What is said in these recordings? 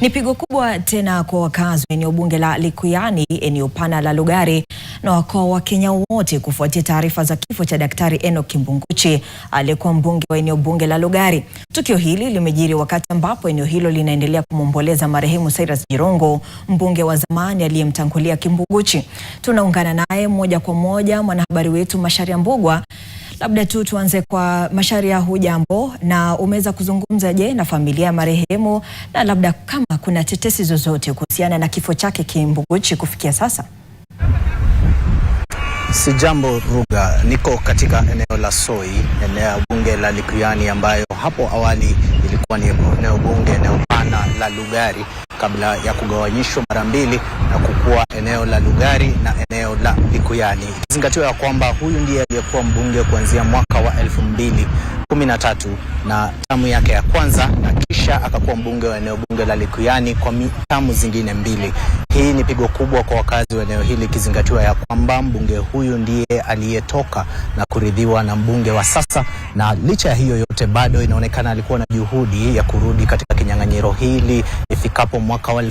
Ni pigo kubwa tena kwa wakazi wa eneo bunge la Likuyani, eneo pana la Lugari na wakoa wa Kenya wote kufuatia taarifa za kifo cha Daktari eno Kimbunguchi aliyekuwa mbunge wa eneo bunge la Lugari. Tukio hili limejiri wakati ambapo eneo hilo linaendelea kumwomboleza marehemu Cyrus Jirongo, mbunge wa zamani aliyemtangulia Kimbunguchi. Tunaungana naye moja kwa moja mwanahabari wetu Macharia Mbugwa Labda tu tuanze kwa Macharia, hujambo na umeweza kuzungumza je na familia ya marehemu na labda kama kuna tetesi zozote kuhusiana na kifo chake Kimbuguchi kufikia sasa? Si jambo Ruga, niko katika eneo la Soi, eneo bunge la Likuyani ambayo hapo awali ilikuwa ni eneo bunge, eneo pana la Lugari kabla ya kugawanyishwa mara mbili na kukuwa eneo la Lugari na eneo la Likuyani, ikizingatiwa ya kwamba huyu ndiye aliyekuwa mbunge kuanzia mwaka wa elfu mbili kumi na tatu na tamu yake ya kwanza na kisha akakuwa mbunge wa eneo bunge la Likuyani kwa tamu zingine mbili. Hii ni pigo kubwa kwa wakazi wa eneo hili ikizingatiwa ya kwamba mbunge huyu ndiye aliyetoka na kuridhiwa na mbunge wa sasa, na licha ya hiyo yote bado inaonekana alikuwa na juhudi ya kurudi katika kinyang'anyiro hili ifikapo mwaka wa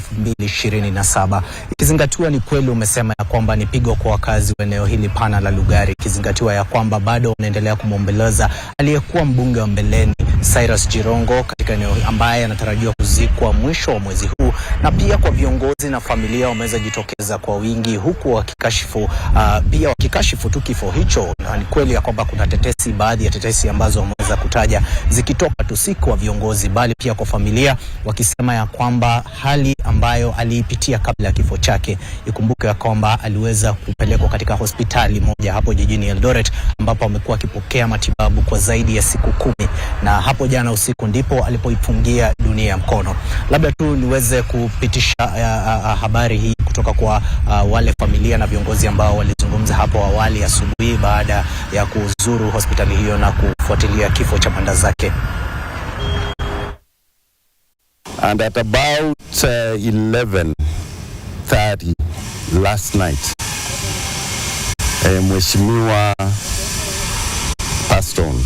saba Ikizingatiwa ni kweli umesema ya kwamba ni pigo kwa wakazi wa eneo hili pana la Lugari, ikizingatiwa ya kwamba bado wanaendelea kumwombeleza aliyekuwa mbunge wa mbeleni Cyrus Jirongo katika eneo ambaye anatarajiwa kuzikwa mwisho wa mwezi huu, na pia kwa viongozi na familia wameweza jitokeza kwa wingi, huku wakikashifu uh, pia wakikashifu tu kifo hicho, na ni kweli ya kwamba kuna tetesi, baadhi ya tetesi ambazo wameweza kutaja zikitoka tu si kwa viongozi, bali pia kwa familia, wakisema ya kwamba hali ambayo aliipitia kabla ya kifo chake, ikumbuke ya kwamba aliweza kupelekwa katika hospitali moja hapo jijini Eldoret, ambapo amekuwa akipokea matibabu kwa zaidi ya siku kumi na hapo jana usiku ndipo alipoipungia dunia ya mkono. Labda tu niweze kupitisha a, eh, a, eh, eh, habari hii kutoka kwa a, wale familia na viongozi ambao walizungumza hapo awali asubuhi baada ya kuzuru hospitali hiyo na kufuatilia kifo cha mwenda zake. And at about uh, 11:30 last night eh, Mheshimiwa Paston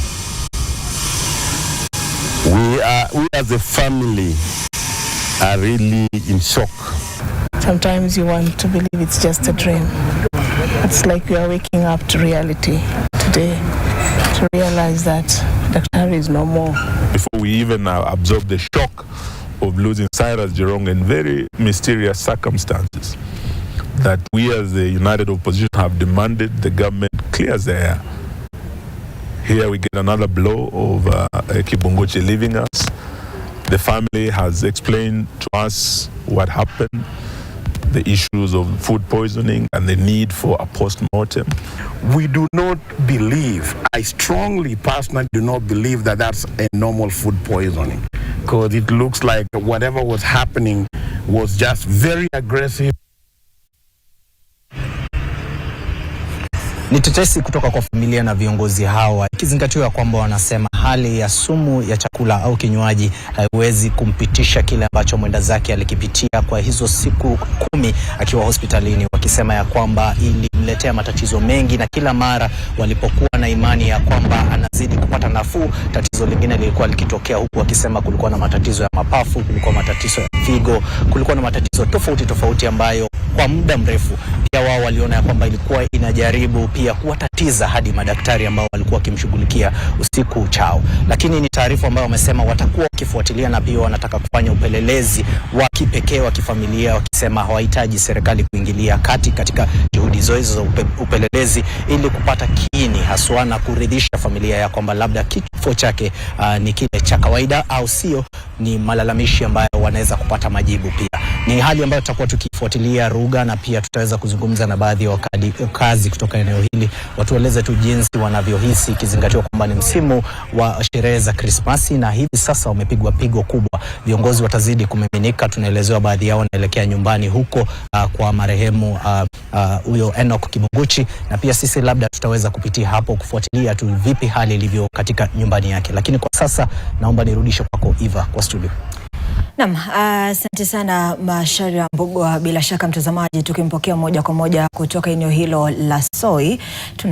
are, uh, we as a family are really in shock. Sometimes you want to believe it's just a dream. It's like you are waking up to reality today to realize that Dr. Harry is no more. Before we even uh, absorb the shock of losing Cyrus Jerong in very mysterious circumstances, that we as the United Opposition have demanded the government clears the air here we get another blow of uh, leaving us. The family has explained to us what happened, the issues of food poisoning, and the need for a post mortem. We do not believe, I strongly personally do not believe that that's a normal food poisoning because it looks like whatever was happening was just very aggressive Ni tetesi kutoka kwa familia na viongozi hawa, ikizingatiwa kwamba wanasema hali ya sumu ya chakula au kinywaji haiwezi kumpitisha kile ambacho mwenda zake alikipitia kwa hizo siku kumi akiwa hospitalini, wakisema ya kwamba ilimletea matatizo mengi, na kila mara walipokuwa na imani ya kwamba anazidi kupata nafuu, tatizo lingine lilikuwa likitokea, huku wakisema kulikuwa na matatizo ya mapafu, kulikuwa matatizo ya figo, kulikuwa na matatizo tofauti tofauti ambayo kwa muda mrefu. Pia wao waliona ya kwamba ilikuwa inajaribu pia kuwatatiza hadi madaktari ambao walikuwa wakimshughulikia usiku chao, lakini ni taarifa ambayo wamesema watakuwa wakifuatilia na pia wanataka kufanya upelelezi wa kipekee wa kifamilia, wakisema hawahitaji serikali kuingilia kati katika juhudi zohizo za upe, upelelezi ili kupata kiini haswa na kuridhisha familia ya kwamba labda kifo chake uh, ni kile cha kawaida au sio, ni malalamishi ambayo wanaweza kupata majibu pia. Ni hali ambayo tutakuwa tukifuatilia Ruga, na pia tutaweza kuzungumza na baadhi ya wakazi kutoka eneo hili, watueleze tu jinsi wanavyohisi, ikizingatiwa kwamba ni msimu wa sherehe za Krismasi na hivi sasa wamepigwa pigo kubwa. Viongozi watazidi kumiminika, tunaelezewa baadhi yao wanaelekea nyumbani huko, uh, kwa marehemu ah, ah, huyo uh, uh, Enoch Kibunguchi, na pia sisi labda tutaweza kupitia hapo kufuatilia tu vipi hali ilivyo katika nyumbani yake, lakini kwa sasa naomba nirudishe kwako Eva kwa studio. Naam, asante uh, sana Macharia Mbugwa. Bila shaka mtazamaji, tukimpokea moja kwa moja kutoka eneo hilo la Soy tuna